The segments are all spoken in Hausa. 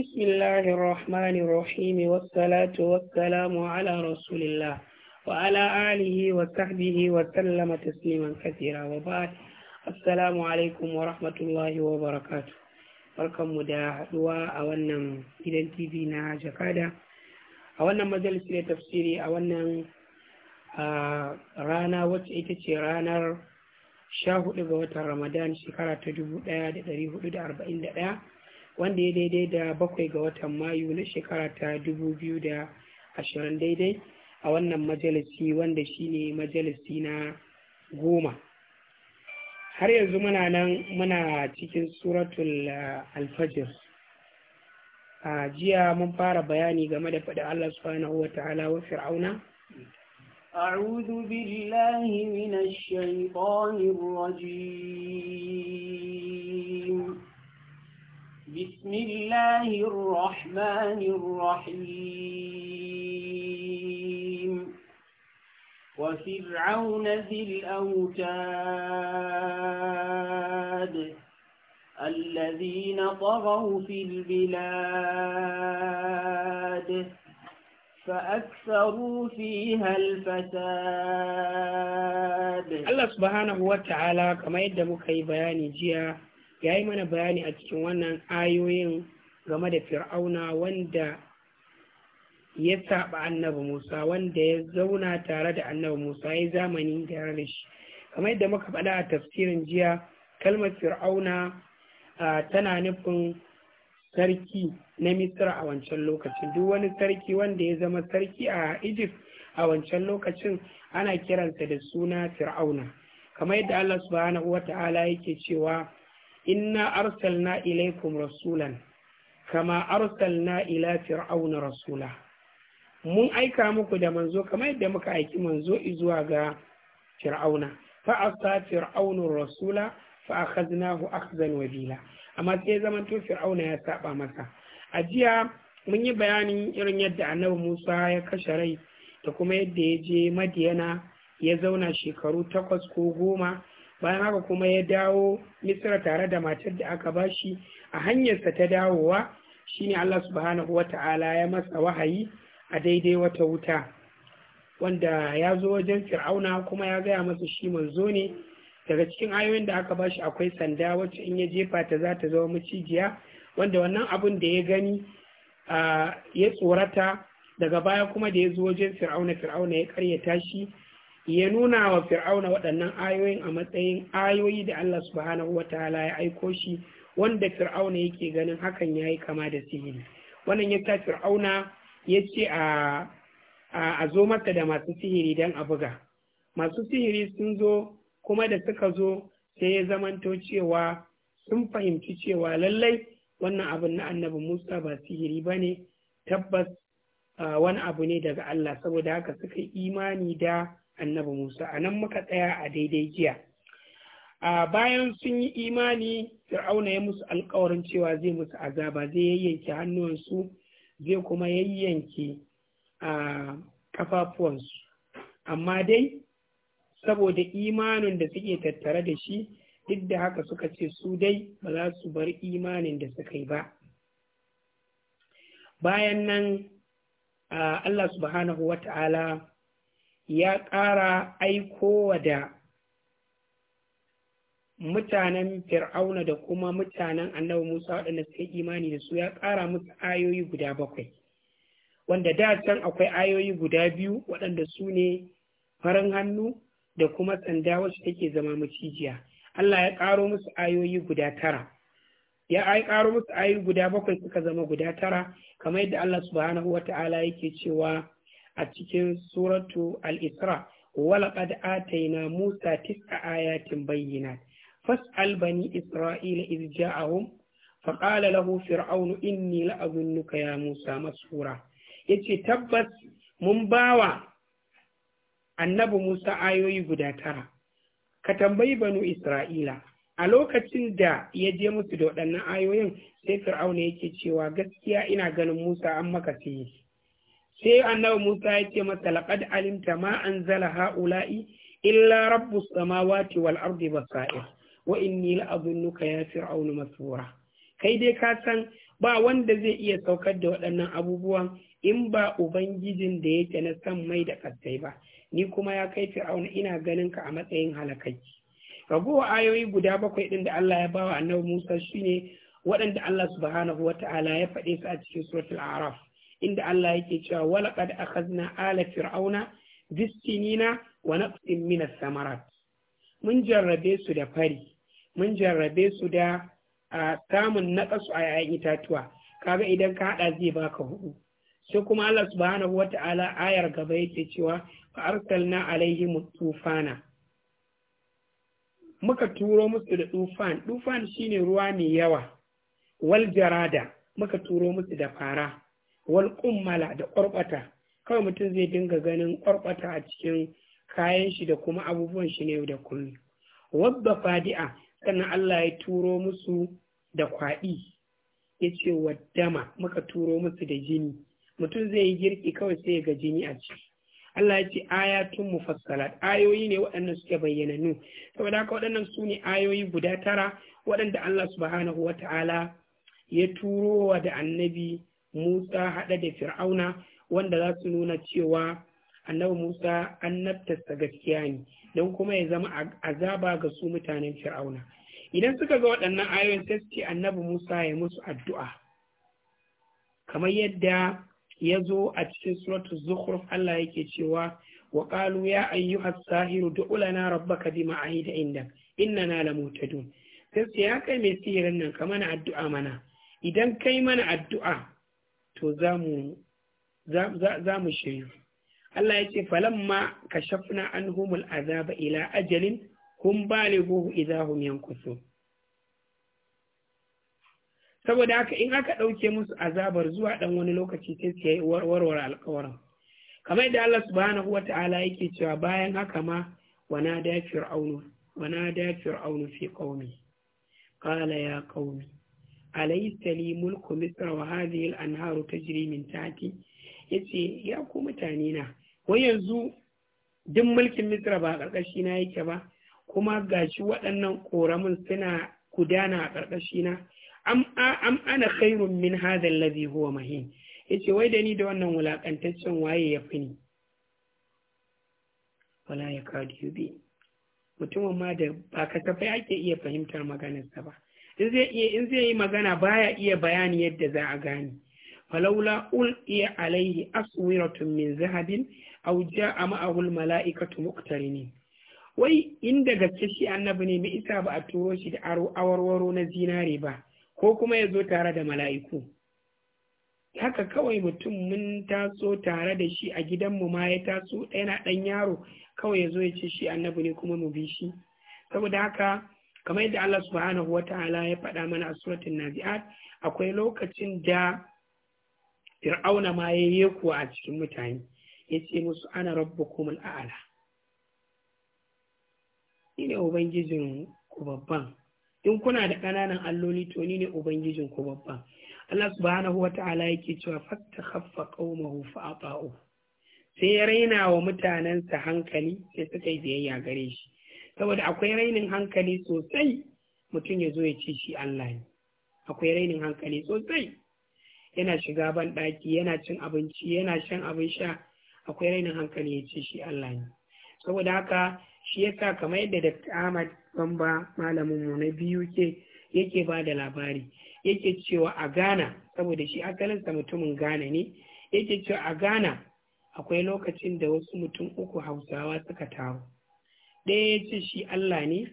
بسم الله الرحمن الرحيم والصلاة والسلام على رسول الله وعلى آله وصحبه وسلم تسليما كثيرا وبعد السلام عليكم ورحمة الله وبركاته barkanmu da haɗuwa a wannan gidan tv na jakada a wannan majalisi na tafsiri a wannan rana wacce ita ce ranar hudu ga watan ramadan shekara ta 1441 wanda ya daidai da bakwai ga watan mayu na shekara ta dubu biyu da ashirin daidai a wannan majalisi wanda shi ne majalisi na goma har yanzu muna nan muna cikin suratul ah, alfajir a jiya mun fara bayani game da faɗi Allah subhanahu wa ta'ala wa fir'auna أعوذ بالله من الشيطان الرجيم بسم الله الرحمن الرحيم وفرعون ذي الأوتاد الذين طغوا في البلاد فأكثروا فيها الفساد الله سبحانه وتعالى كما يدى مكي بياني ya yi mana bayani a cikin wannan ayoyin game da fir'auna wanda ya saba annabi musa wanda ya zauna tare da annabi musa ya zamani tare da shi kamar yadda muka faɗa a tafsirin jiya kalmar fir'auna tana nufin sarki na misra a wancan lokacin duk wani sarki wanda ya zama sarki a egypt a wancan lokacin ana kiransa da suna fir'auna kamar yadda allah subhanahu wa ta'ala yake cewa inna arsalna ilaikum rasulan kama arsalna ila fir'auna rasula mun aika muku da manzo kamar yadda muka aiki manzo zuwa ga fir'auna fa asa fir'aunu rasula fa akhadnahu akhzan wabila amma sai zaman to fir'auna ya saba masa a jiya mun yi bayanin irin yadda annabi Musa ya kashe rai da kuma yadda ya je Madiyana ya zauna shekaru takwas ko goma bayan haka kuma ya dawo misra tare da matar da aka bashi a hanyarsa ta dawowa shine Allah subhanahu wata'ala ya masa wahayi a daidai wata wuta wanda ya zo wajen fir'auna kuma ya gaya masa shi manzo ne daga cikin ayoyin da aka bashi akwai sanda wacce in ya jefa ta za ta zama macijiya wanda wannan abin da ya gani ya tsorata daga baya kuma da ya zo wajen fir'auna fir'auna ya karyata shi ya nuna wa fir'auna waɗannan ayoyin a matsayin ayoyi da Allah subhanahu wa ta'ala ya aiko shi wanda fir'auna yake ganin hakan ya yi kama da sihiri wannan ya sa fir'auna ya ce a zo mata da masu sihiri don a buga masu sihiri sun zo kuma da suka zo sai ya zamanto cewa sun fahimci cewa lallai wannan abin na annabi musa ba sihiri ba ne tabbas wani abu ne daga allah saboda haka suka imani da annabi Musa a nan muka tsaya a daidai jiya a bayan sun yi imani fir'auna ya musu alkawarin cewa zai musu azaba zai yayyanke hannuwansu zai kuma yayyanke a kafafuwansu amma dai saboda imanin da suke tattare da shi duk da haka suka ce su dai ba za su bar imanin da suka yi ba bayan nan Allah subhanahu wa ta'ala ya ƙara aikowa da mutanen fir'auna da kuma mutanen annabi musa waɗanda suka imani da su ya ƙara musu ayoyi guda bakwai wanda da can akwai ayoyi guda biyu waɗanda su ne farin hannu da kuma sanda wacce take zama macijiya allah ya ƙaro musu ayoyi guda tara ya ai ƙaro musu ayoyi guda bakwai suka zama guda tara kamar yadda allah subhanahu wata'ala yake cewa a cikin suratu al-isra walaqad ataina musa tis'a ayatin bayyinat fas'al bani isra'ila iz ja'ahum faqala lahu fir'aunu inni la'azunnuka ya musa masura yace tabbas mun bawa annabi musa ayoyi guda tara ka tambayi banu isra'ila a lokacin da ya je musu da waɗannan ayoyin sai fir'auna yake cewa gaskiya ina ganin musa an maka sai annabi Musa ya ce masa laqad alimta ma anzala haula'i illa rabbus samawati wal ardi basair wa inni la'adhunnuka ya fir'aun masura kai dai ka san ba wanda zai iya saukar da waɗannan abubuwan in ba ubangijin da yake na san mai da kasai ba ni kuma ya kai fir'aun ina ganin ka a matsayin halakai ragowar ayoyi guda bakwai ɗin da Allah ya bawa annabi Musa shine waɗanda Allah subhanahu ta'ala ya faɗe su a cikin suratul Araf inda Allah yake cewa walaqad akhadna ala fir'auna bisinina wa naqsin min as-samarat mun jarrabe su da fari mun jarrabe su da samun naƙasu a yayin itatuwa kaga idan ka haɗa zai baka hudu sai kuma Allah subhanahu wata'ala ayar gaba yake cewa fa arsalna alaihim tufana muka turo musu da tufan tufan shine ruwa mai yawa wal jarada muka turo musu da fara wal kummala da ƙwarɓata kawai mutum zai dinga ganin ƙwarɓata a cikin kayan shi da kuma abubuwan shi ne da kullum wadda fadi'a sannan Allah ya turo musu da kwaɗi ya ce waddama muka turo musu da jini mutum zai yi girki kawai sai ya ga jini a ciki Allah ya ce ayatun mufassalat ayoyi ne waɗannan suke bayyananu saboda haka waɗannan su ne ayoyi guda tara waɗanda Allah subhanahu wa ta'ala ya turo wa da annabi Musa haɗe da Fir'auna wanda za su nuna cewa annabi Musa an annabtarsa gaskiya ne don kuma ya zama azaba ga su mutanen Fir'auna. Idan suka ga waɗannan ayoyin sai su annabi Musa ya musu addu'a. Kamar yadda ya zo a cikin suratul Zukhruf Allah yake cewa wa qalu ya ayyuhas sahiru du'u lana rabbaka bima ahida indak innana lamutadun. Sai su ya kai mai sihirin nan ka mana addu'a mana. Idan kai mana addu'a to za mu shirya. Allah ya ce falamma kashafna humul azaba ila ajalin hum balighuhu idza yankusu saboda haka in aka ɗauke musu azabar zuwa ɗan wani lokaci sai su yi warware alkawarin kamar da Allah subhanahu wata'ala yake cewa bayan haka ma wana da fir'aunu wana fi qaumi qala ya qaumi alaysa li mulku misra wa hadhihi al-anharu tajri min tahti yace ya ku mutane na wai yanzu duk mulkin misra ba karkashi na yake ba kuma gashi waɗannan koramin suna gudana a karkashi na am am ana khairun min hadha alladhi huwa mahin yace wai da ni da wannan wulakantaccen waye ya fi ni wala ya yubi mutumin ma da ba kasafai ake iya fahimtar maganarsa ba in zai iya in zai yi magana baya iya bayani yadda za a gane ul iya alaihi aswiratun min zahabin aw jaa ma'ahu almala'ikatu muqtarinin wai in daga shi annabi ne mai isa ba a turo shi da awarwaro na zinare ba ko kuma ya zo tare da mala'iku haka kawai mutum mun taso tare da shi a gidanmu ma ya taso yana ɗan yaro kawai ya zo ya ce shi annabi ne kuma mu bi shi saboda haka kamar yadda Allah subhanahu ta'ala ya faɗa mana a suratul nazi'at akwai lokacin da fir'auna ma ya yi kuwa a cikin mutane ya ce musu ana rabbukum al'ala ni ne ubangijin ku babban in kuna da ƙananan alloli to ni ne ubangijin ku babban Allah subhanahu ta'ala yake cewa fatta khaffa qaumahu fa ata'u sai ya raina wa mutanensa hankali sai suka yi biyayya gare shi saboda akwai rainin hankali sosai mutum ya zo ya ci shi Allah ne akwai rainin hankali sosai yana shiga ban ɗaki yana cin abinci yana shan abin sha akwai rainin hankali ya ci shi Allah ne saboda haka shi yasa kamar yadda Dr. Ahmad Bamba malamin mu na biyu ke yake ba da labari yake cewa a Ghana saboda shi asalinsa mutumin Ghana ne yake cewa a Ghana akwai lokacin da wasu mutum uku Hausawa suka taro ɗaya ya ce shi Allah ne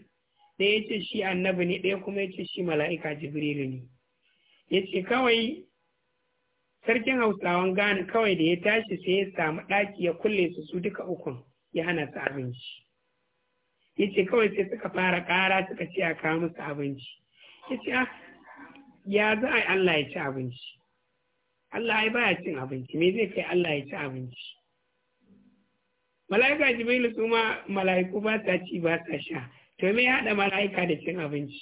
ɗaya ya ce shi annabi ne ɗaya kuma ya ce shi mala'ika jibrilu ne ya ce kawai sarkin hausawan gane kawai da ya tashi sai ya samu ɗaki ya kulle su su duka ukun ya hana su abinci ya ce kawai sai suka fara ƙara suka ce a kawo musu abinci ya ce ah ya za a Allah ya ci abinci Allah ya baya cin abinci me zai kai Allah ya ci abinci mala'ika jibrilu su ma mala'iku ba ta ci ba ta sha to me haɗa mala'ika da cin abinci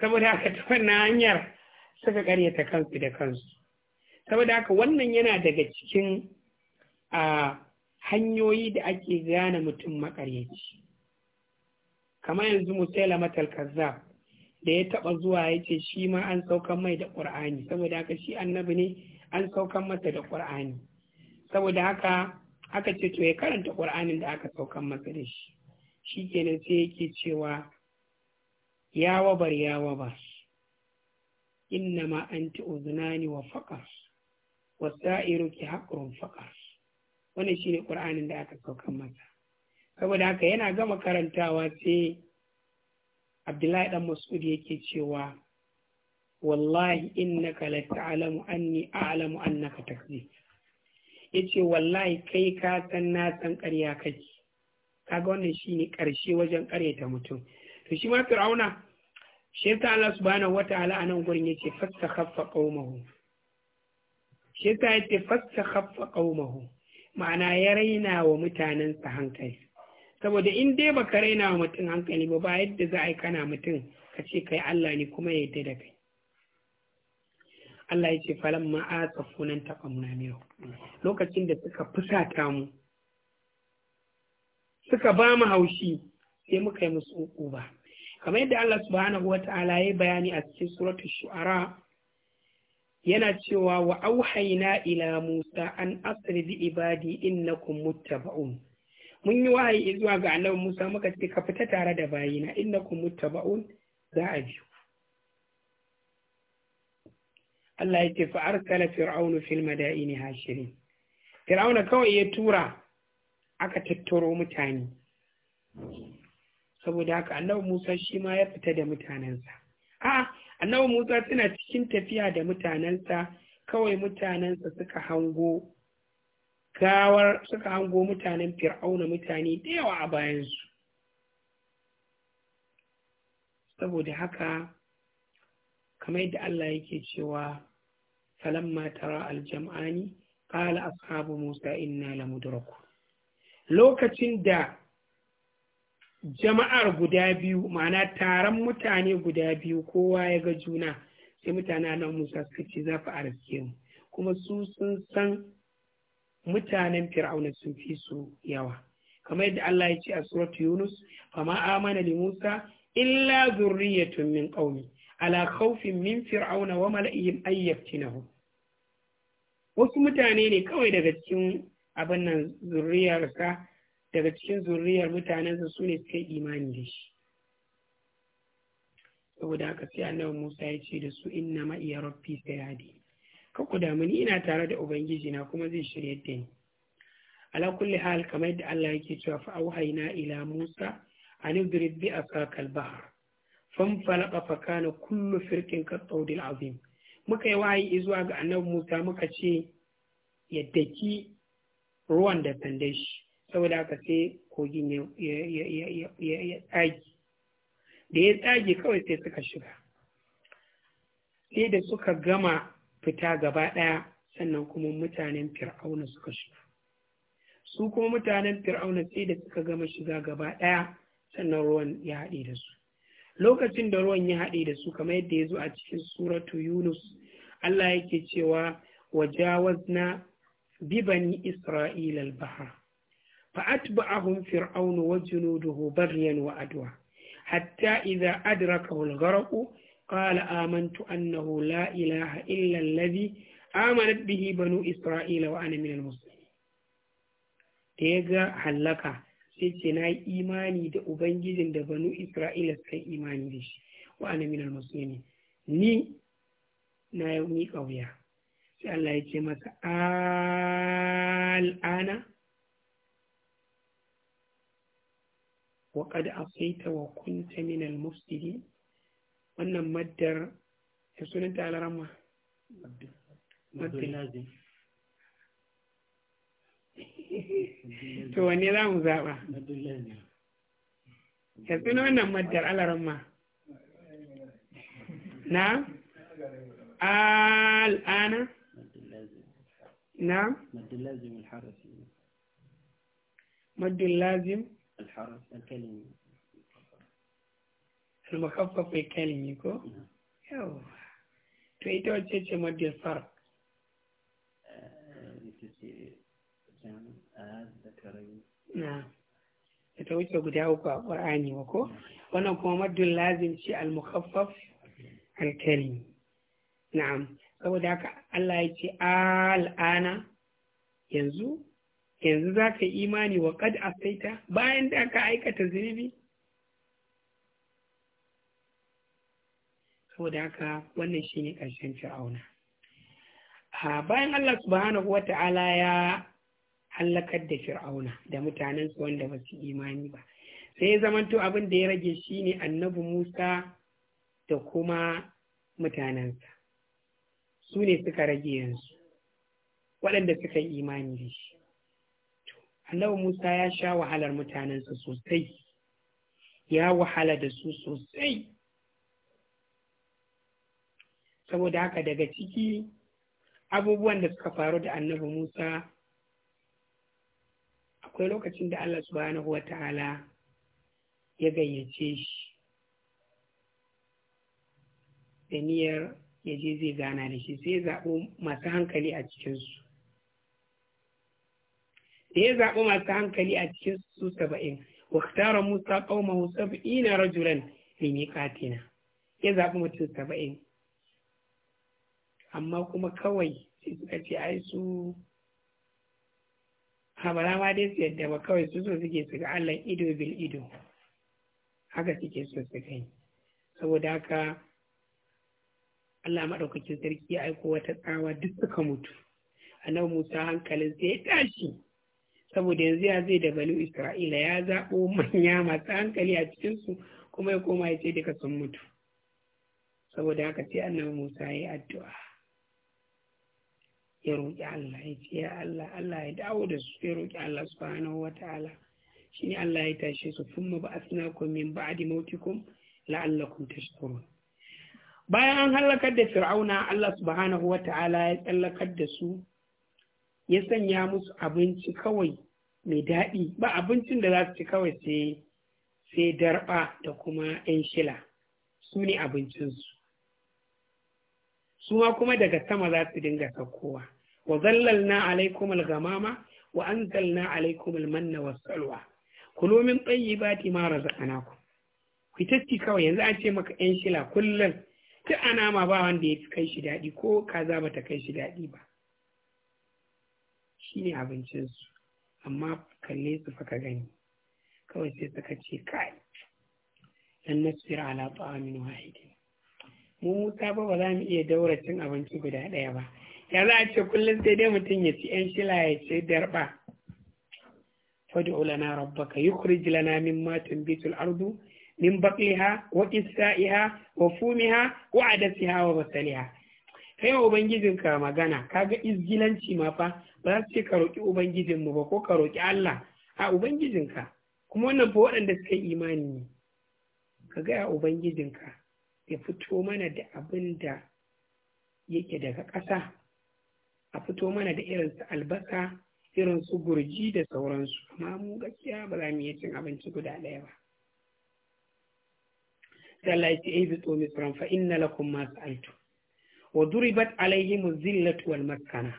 saboda haka ta wannan hanyar suka karyata kansu da kansu saboda haka wannan yana daga cikin a hanyoyi da ake gane mutum makaryaci kamar yanzu musaila matal kazzab da ya taɓa zuwa yace ce shi ma an saukan mai da ƙur'ani saboda haka shi annabi ne an saukan masa da ƙur'ani saboda haka aka ce to ya karanta qur'anin da aka saukan masa da shi shi kenan sai yake cewa ya wabar ya wabar innama anti uzunani wa faqas wa ki haqrun faqas wannan shine ƙur'anin da aka saukan masa saboda haka yana gama karantawa sai Abdullahi dan Mas'ud yake cewa wallahi innaka la ta'lamu anni a'lamu annaka takzib ya ce wallahi kai ka san na san ƙarya kake kaga wannan shi ne ƙarshe wajen ƙaryata mutum to shi ma fir'auna shi yasa Allah subhanahu wata'ala a nan gurin yace khaffa qaumahu shi yasa yace khaffa qaumahu ma'ana ya raina wa mutanen sa hankali saboda in dai baka raina wa mutum hankali ba ba yadda za a yi kana mutum ka ce kai Allah ne kuma ya yadda da kai Allah ya ce falan a tsafunan taɓa munamiro lokacin da suka fusata mu suka ba mu haushi sai muka yi musu uku ba kamar yadda Allah subhanahu wa ta'ala ya bayani a cikin suratul shu'ara yana cewa wa auhaina ila Musa an asri bi ibadi innakum muttaba'un mun yi wahayi zuwa ga Annabi Musa muka ce ka fita tare da bayina innakum muttaba'un za a biyu Allah ya ce kala fir'aunu fil madaini hashirin fir'auna kawai ya tura aka tattaro mutane saboda haka Allah Musa shi ma ya fita da mutanensa a Allah Musa suna cikin tafiya da mutanensa kawai mutanensa suka hango gawar suka hango mutanen fir'auna mutane da yawa a bayansu saboda haka kamar yadda Allah yake cewa falamma tara aljam'ani qala ashabu musa inna lamudraku lokacin da jama'ar guda biyu ma'ana taron mutane guda biyu kowa ya ga juna sai mutane nan musa suka ce za a arziki mu kuma su sun san mutanen fir'auna sun fi su yawa kamar yadda Allah ya ce a suratu Yunus ma amana li Musa illa zurriyatun min qaumi ala khawfin min fir'auna wa mala'ihim yaftinahu wasu mutane ne kawai daga cikin abin nan zuriyarsa daga cikin zuriyar mutanensa su ne suka imani da shi saboda haka sai annabi Musa ya ce da su inna ma iya rabbi sayadi ka ku damu ni ina tare da ubangiji na kuma zai shirya da ni ala kulli hal kamar yadda Allah yake cewa fa auhayna ila Musa an idrib bi asakal bahr fanfalaka fakana kullu firkin katsaudil azim muka yi wahayi izuwa ga annabi musa muka ce ya daki ruwan da sandan shi saboda haka sai kogin ya tsage da ya tsage kawai sai suka shiga sai da suka gama fita gaba ɗaya sannan kuma mutanen fir'auna suka shiga su kuma mutanen fir'auna sai da suka gama shiga gaba ɗaya sannan ruwan ya haɗe da su lokacin da ruwan ya haɗe da su kamar yadda ya zo a cikin suratu yunus allah yake cewa wa jawazna bi bani isra'ila al-bahr fa atba'ahum fir'aun wa junuduhu baghyan wa adwa hatta idha adraka al-ghraq qala amantu annahu la ilaha illa alladhi amanat bihi banu isra'ila wa ana min muslimin da ya ga hallaka sai ce na yi imani da ubangijin da banu isra'ila suka yi imani da shi wa ana minal musulmi ni na yi ni kauya. sai Allah ya ce masa al'ana wa qad asaita wa kunta min mufsidin wannan maddar ya sunanta alaramma maddar to wanne za mu zaɓa ya tsina wannan maddar alaran ma na al'ana na مد اللازم الحرف الكلمي المخفف الكلمي كو يو تريدو تشي مد الفرق na ta wuce guda uku a ƙwar'ani ba ko wannan kuma maddun lazim ce al-mukhaffaf al na'am saboda haka Allah ya ce al'ana yanzu yanzu za ka imani wa a asaita bayan da ka aikata zunubi saboda haka wannan shine ƙarshen fir'auna ah, bayan Allah subhanahu wa ta'ala ya hallakar da fir'auna da mutanensa wanda ba su imani ba sai ya zamanto abin da ya rage shi ne annabi musa da kuma mutanensa su ne suka rage yanzu waɗanda suka yi imani da shi annabi musa ya sha wahalar mutanensa sosai ya wahala da su sosai saboda haka daga ciki abubuwan da suka faru da annabi musa akwai lokacin da Allah subhanahu wa ta'ala ya gayyace shi da niyyar ya je zai gana da shi sai zaɓo masu hankali a cikinsu da ya zaɓi masu hankali a cikin su saba'in waktara musa ƙaumahu saba'ina rajulan katina, ya zaɓi mutum saba'in amma kuma kawai sai suka ce ai su kamar ma dai su yadda ba kawai su so suke su ga Allah ido bil ido haka suke so su kai saboda haka Allah maɗaukakin sarki ya aiko wata tsawa duk suka mutu annabi Musa hankalin sai ya tashi saboda yanzu ya zai da banu Isra'ila ya zaɓo manya masu hankali a cikin su kuma ya koma ya ce duka sun mutu saboda haka sai annabi Musa ya yi addu'a ya roƙi Allah ya ce ya Allah Allah ya dawo da su ya roƙi Allah subhanahu shi shine Allah ya tashe su thumma ba'athnakum min ba'di mautikum la'allakum tashkurun bayan an halakar da fir'auna Allah subhanahu ta'ala ya tsallakar da su ya sanya musu abinci kawai mai daɗi ba abincin da za su ci kawai sai sai darba da kuma 'yan shila su ne abincinsu su ma kuma daga sama za su dinga saukowa wa na alaikum al-ghamama wa anzalna alaikum al-manna was-salwa kulu min tayyibati ma razaqnakum ku tacci kawai yanzu ace maka yan shila kullum duk anama ba wanda ya fi kai shi daɗi ko kaza ba ta kai shi daɗi ba shi ne abincinsu amma kalle su fa gani kawai sai suka ce kai dan nasir ala ta'amin wahidin mu muta ba ba za mu iya daura cin abinci guda ɗaya ba Ya za a ce kullum sai dai mutum ya ci yan shila ya ce darba fadi ulana rabbaka yukhrij lana mimma tunbitul ardu min baqliha wa qissaiha wa fumiha wa adasiha wa basaliha kai wa ka magana ka kaga izgilanci ma fa ba za su ce ka roki mu ba ko ka roki Allah a ubangijinka kuma wannan fa waɗanda suka yi imani ne ka gaya ka ya fito mana da abin da yake daga ƙasa a fito mana da irin su albasa irin su gurji da sauransu amma mu gaskiya ba za mu iya cin abinci guda ɗaya ba Allah ya ce ihbitu misran fa inna lakum ma sa'altu wa duribat alaihim zillatu wal maskana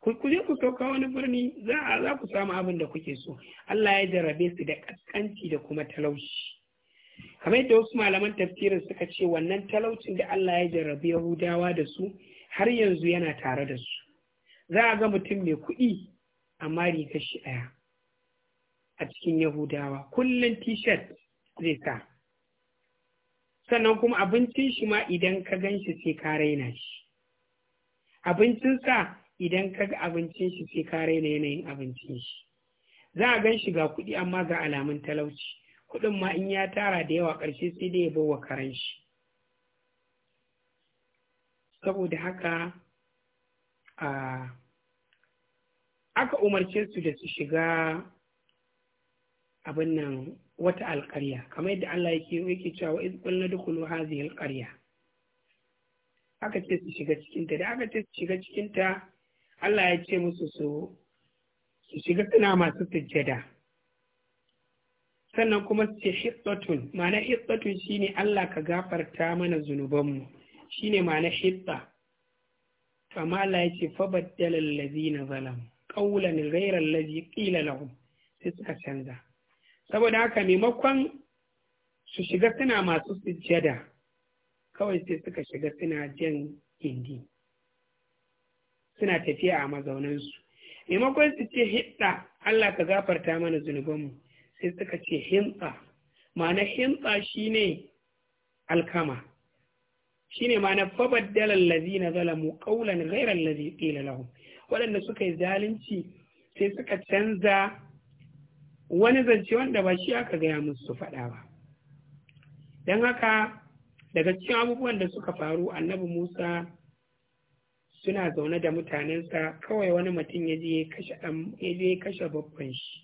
ku ku je ku sauka wani birni za a za ku samu abin da kuke so Allah ya jarabe su da kaskanci da kuma talauci kamar yadda wasu malaman tafsirin suka ce wannan talaucin da Allah ya jarabe Yahudawa da su har yanzu yana tare da su za a ga mutum mai kuɗi amma rigar shi ɗaya a cikin yahudawa kullum t-shirt zai sa sannan kuma abincin shi ma idan ka gan shi sai ka raina shi abincin sa idan ka ga abincin shi sai ka raina yanayin abincin shi za a gan shi ga kuɗi amma ga alamun talauci kuɗin ma in ya tara da yawa ƙarshe sai dai ya bawa karen shi saboda haka aka umarce su da su shiga abin nan wata alƙarya kamar yadda Allah yake yake cewa iz qulna dukulu hadhihi alqarya aka ce su shiga cikinta da aka ce su shiga cikinta Allah ya ce musu su su shiga suna masu sujjada sannan kuma su ce hiddatun ma'ana hiddatun shine Allah ka gafarta mana zunubanmu shine ma'ana hitta amma Allah ya ce fa baddala allazina zalam qawlan ghayra allazi qila lahum sai suka canza saboda haka maimakon su shiga suna masu sujjada kawai sai suka shiga suna jan indi suna tafiya a mazaunansu maimakon su ce hitsa Allah ka gafarta mana zunubanmu sai suka ce hintsa ma'ana hintsa shine alkama shine ma na fabaddala zalamu qawlan ghayra allazi qila lahum waɗanda suka yi zalunci sai suka canza wani zance wanda ba shi aka gaya musu su faɗa ba don haka daga cikin abubuwan da suka faru annabi musa suna zaune da mutanensa kawai wani mutum ya je ya kashe babban shi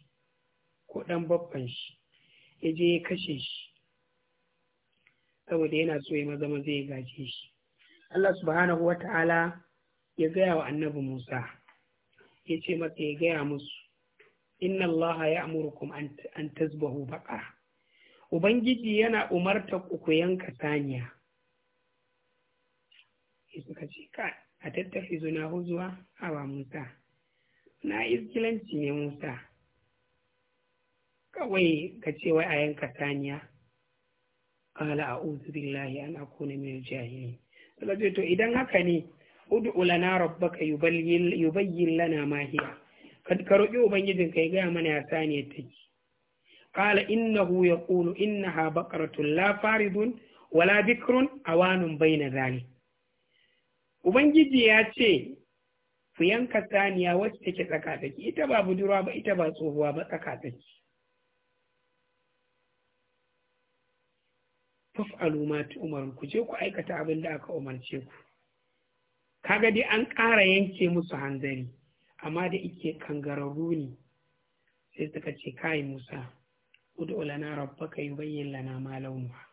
ko ɗan babban shi ya je kashe shi saboda yana so ya maza maza ya gaje shi Allah subhanahu wa ta'ala ya gaya wa annabi Musa ya ce masa ya gaya musu inna Allah ya amurukum an tasbahu baƙa. ubangiji yana umarta ku yanka saniya suka ce ka a tattafi zuna huzuwa hawa Musa na iskilanci ne Musa kawai ka ce wai a yanka saniya qala a'udhu billahi an akuna min al-jahilin Allah to idan haka ne ud'u lana rabbaka yubayyin lana ma hiya kad ka roƙi ubangijin kai ga mana ya sani take qala innahu yaqulu innaha baqaratun la faridun wala bikrun awanun bayna zalik ubangiji ya ce ku yanka saniya wacce take tsaka ita ba budurwa ba ita ba tsohuwa ba tsaka faf'alu ma tu'marun ku je ku aikata abin da aka umarce ku kaga dai an ƙara yanke musu hanzari amma da ike kangararru ne sai suka ce kai Musa ud'u lana rabbaka yubayyin lana ma launuha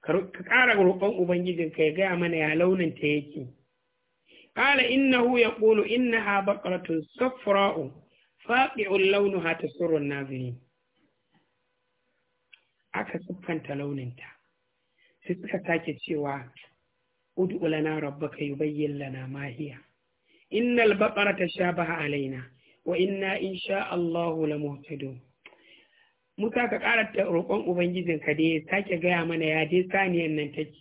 ka ƙara roƙon ubangijin ka ya gaya mana ya launin ta yake qala innahu yaqulu innaha baqaratun safra'u faqi'un launuha tasurru an-nazirin aka siffanta launinta sai suka sake cewa ud'u lana rabbaka yubayyin lana ma hiya innal baqara tashabaha alaina wa inna insha Allah la muhtadun muta ka ƙara roƙon ubangijin ka dai sake gaya mana ya dai saniyan nan take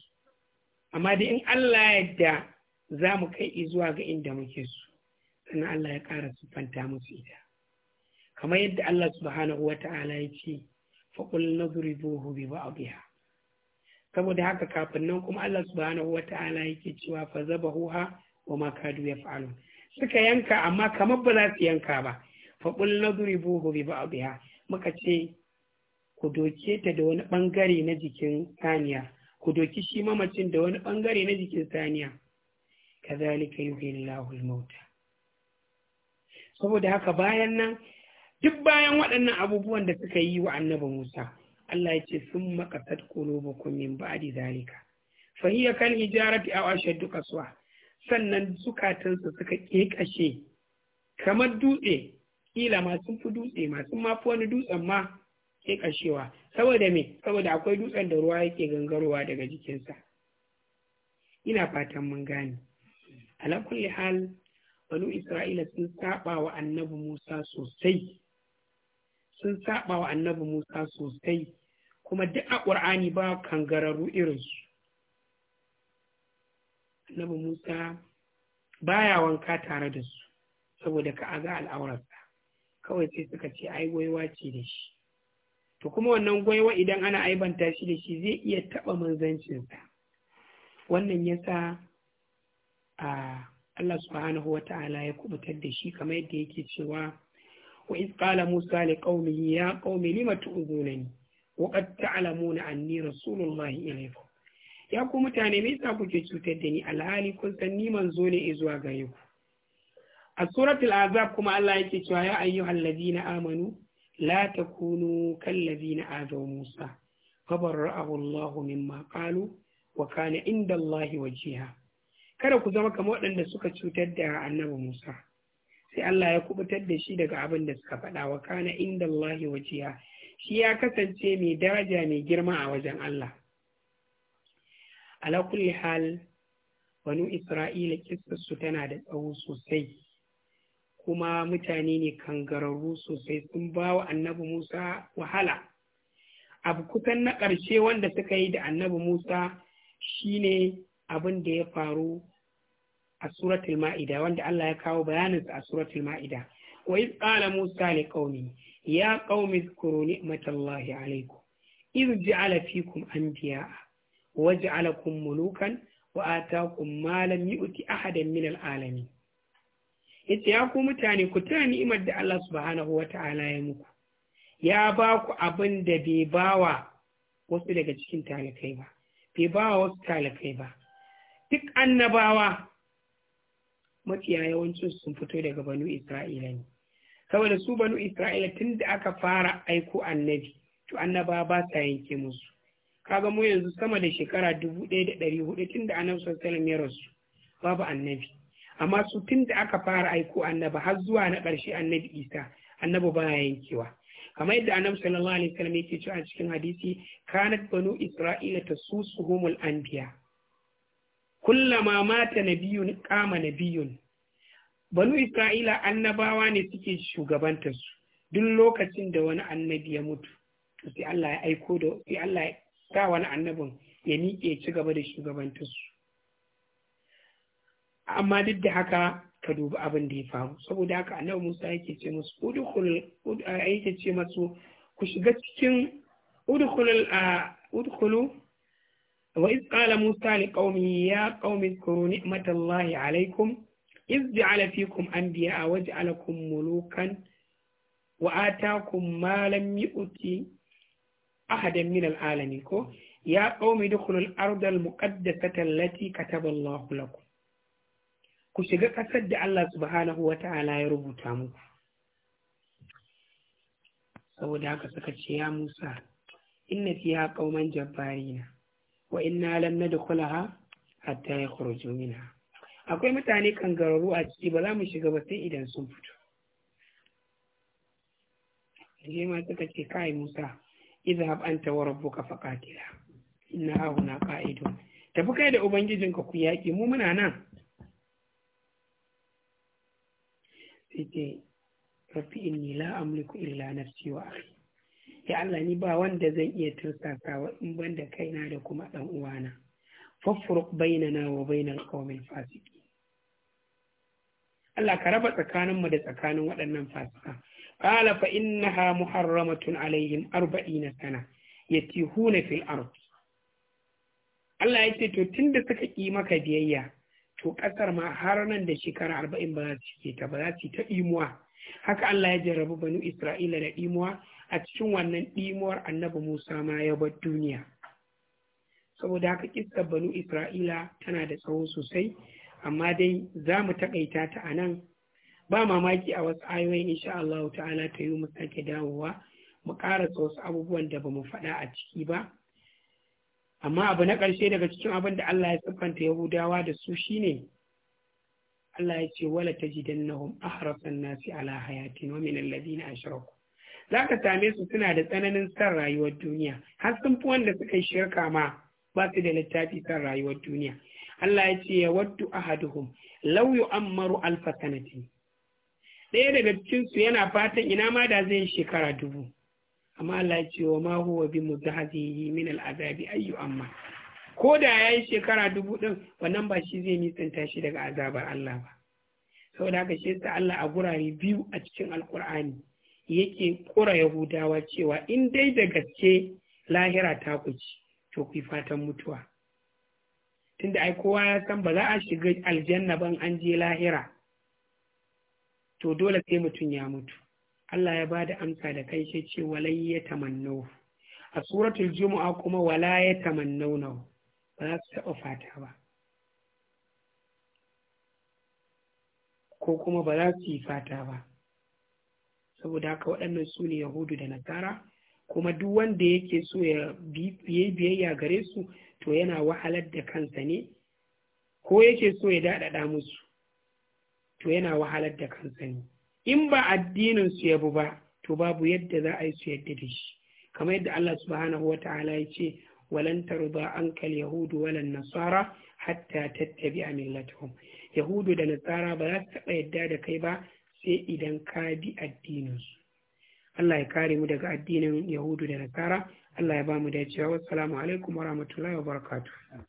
amma dai in Allah ya yadda za mu kai izuwa ga inda muke su, sannan Allah ya ƙara fanta musu ita kamar yadda Allah subhanahu wa ya ce qul nadribuhu bi ba'dihi saboda haka kafin nan kuma Allah subhanahu ta'ala yake cewa fa zabahuha wa ma kadu yaf'alun suka yanka amma kamar ba za su yanka ba fa qul nadribuhu bi ba'dihha muka ce ku doke ta da wani bangare na jikin saniya ku doki shi mamacin da wani bangare na jikin saniya kazalika yuhillahu al-mauta saboda haka bayan nan duk bayan waɗannan abubuwan da suka yi wa annabi Musa Allah ya ce sun makasar qulubukum ba ba'di zalika fa kan kal hijarati aw ashaddu suwa. sannan zukatansu suka ƙeƙashe, kamar dutse ƙila ma sun fi dutse masu mafi wani dutsen ma ƙeƙashewa, saboda me saboda akwai dutsen da ruwa yake gangarowa daga jikinsa ina fatan mun gane kulli hal isra'ila sun saba wa annabi musa sosai kuma duk a ƙur'ani ba kangararru irinsu annabi musa baya wanka tare da su saboda ka aga al'aurarsa kawai sai suka ce ai gwaiwa ce da shi to kuma wannan gwaiwa idan ana aibanta shi da shi zai iya taɓa manzancinsa wannan ya sa, a Allah subhanahu wa ta'ala ya kubutar da shi kamar yadda yake cewa wa iz qala musa qaumihi ya qaumi lima tu'zunani وقد تعلمون na anni rasulullahi إليكم ya ku mutane me yasa kuke cutar da ni alhali kun san ni manzo ne zuwa gare ku a suratul azab kuma Allah yake cewa ya ayyuhal ladina amanu la takunu kal ladina azaw musa fa barra'ahu Allah mimma qalu wa kana inda Allah wajiha kada ku zama kamar waɗanda suka cutar da annabi Musa sai Allah ya kubutar da shi daga abin da suka faɗa wa kana inda Allah wajiha shi ya kasance mai daraja mai girma a wajen Allah ala kulli hal banu isra'ila kissarsu tana da tsawo sosai kuma mutane ne kangararru sosai sun ba wa annabi musa wahala abu kusan na ƙarshe wanda suka yi da annabi musa shine abin da ya faru a suratul ma'ida wanda allah ya kawo bayaninsa a suratul ma'ida wa iz qala musa li qaumi ya ƙaumi zkuru ni'matallahi alaikum, idh ja'ala fikum anbiya'a wa ja'alakum mulukan wa atakum ma lam yu'ti ahadan min al'alamin yace ya ku mutane ku tuna ni'imar da Allah subhanahu wa ta'ala ya muku ya ba ku abin da bai bawa wasu daga cikin talakai ba bai bawa wasu talakai ba duk annabawa mafiya yawancin sun fito daga banu isra'ila ne saboda su banu isra'ila tun da aka fara aiko annabi to annaba ba sa yanke musu kaga mu yanzu sama da shekara dubu ɗaya da ɗari hudu tun da annabi sallallahu ya rasu babu annabi amma su tun da aka fara aiko annaba har zuwa na ƙarshe annabi isa annabi ba yankewa kamar yadda annabi sallallahu alaihi wasallam yake cewa a cikin hadisi kanat banu isra'ila tasusuhumul anbiya kullama mata nabiyun qama nabiyun banu isra'ila annabawa ne suke shugabantar su duk lokacin da wani annabi ya mutu sai Allah ya aiko da sai Allah ya sa wani annabin ya miƙe ci gaba da shugabantar su amma duk da haka ka dubi abin da ya faru saboda haka annabi Musa yake ce musu udkhul yake ce musu ku shiga cikin udkhul udkhulu wa iz qala Musa liqaumi ya qaumi kuruni, ni'matallahi alaikum izja'ala fikum anbiya waj'alakum mulukan wa atakum ma lam yu'ti ahadan min al'alamin ko ya qaumi dukhulul ardal muƙaddasa tallati kataba Allahu lakum ku shiga ƙasar da Allah subhanahu wa ta'ala ya rubuta muku. Saboda haka suka ce ya Musa, inna fi ha ƙauman jabbarina, wa inna lam na da kulaha hatta ya kuruju minha. akwai mutane kangararru a ciki ba za mu shiga ba sai idan sun fito je ma suka ce kai musa idhab anta wa rabbuka faqatila inna hauna qa'idun tafi kai da ubangijinka ku yaƙi mu muna nan sai ce rabbi inni la amliku illa nafsi wa akhi ya Allah ni ba wanda zan iya tursasawa in banda kaina da kuma dan uwana fafruq bainana wa bainal qawmil fasiki. Allah ka raba tsakaninmu da tsakanin waɗannan fasika qala fa innaha muharramatun alaihim arba'ina sana na fil ard Allah ya ce to tun da suka ƙi maka biyayya to ƙasar ma har nan da shekara arba'in ba za su ke ta ba za su ta ɗimuwa. haka Allah ya jarrabu banu Isra'ila da ɗimuwa a cikin wannan ɗimuwar annabi Musa ma ya bar duniya saboda haka ƙisar banu Isra'ila tana da tsawo sosai amma dai za mu taƙaita ta a nan ba mamaki a wasu ayoyin insha Allah ta'ala ta yi mu sake dawowa mu ƙarasa wasu abubuwan da ba mu faɗa a ciki ba amma abu na ƙarshe daga cikin abin da Allah ya siffanta Yahudawa da su shine Allah ya ce wala tajidannahum ahrasan nasi ala hayatin wa min alladhina ashraku zaka same su suna da tsananin san rayuwar duniya har sun fi wanda suka yi shirka ma ba su da littafi san rayuwar duniya Allah ya ce ya waddu ahaduhum law yu'ammaru alfa sanati ɗaya daga cikin su yana fatan ina ma da zai shekara dubu amma Allah ya ce wa ma huwa bi mudhahihi min al'azabi ayyu amma ko da yayi shekara dubu din wannan ba shi zai nisanta shi daga azabar Allah ba saboda haka shi yasa Allah a gurare biyu a cikin alkur'ani yake kura yahudawa cewa in dai da gaske lahira ta kuci to ku fatan mutuwa tunda ai kowa ya san ba za a shiga aljanna ban an je lahira to dole sai mutum ya mutu Allah ya bada amsa da kai shi ce walai ya tamannau a suratul jumu'a kuma wala ya tamannau ba za su taɓa fata ba ko kuma ba za su yi fata ba saboda haka waɗannan su ne yahudu da nasara kuma duk wanda yake so ya biyayya gare su to yana wahalar da kansa ne ko yake so ya daɗaɗa musu to yana wahalar da kansa ne in ba addinin su yabu ba to babu yadda za a yi su yadda da shi kamar yadda Allah subhanahu wa ta'ala ya ce walan tarda ankal yahudu walan nasara hatta tattabi'a millatahum yahudu da nasara ba za su taɓa yadda da kai ba sai idan ka bi addininsu Allah ya kare mu daga addinin yahudu da nasara Allah ya ba mu dacewa wassalamu alaikum wa rahmatullahi wa barakatuh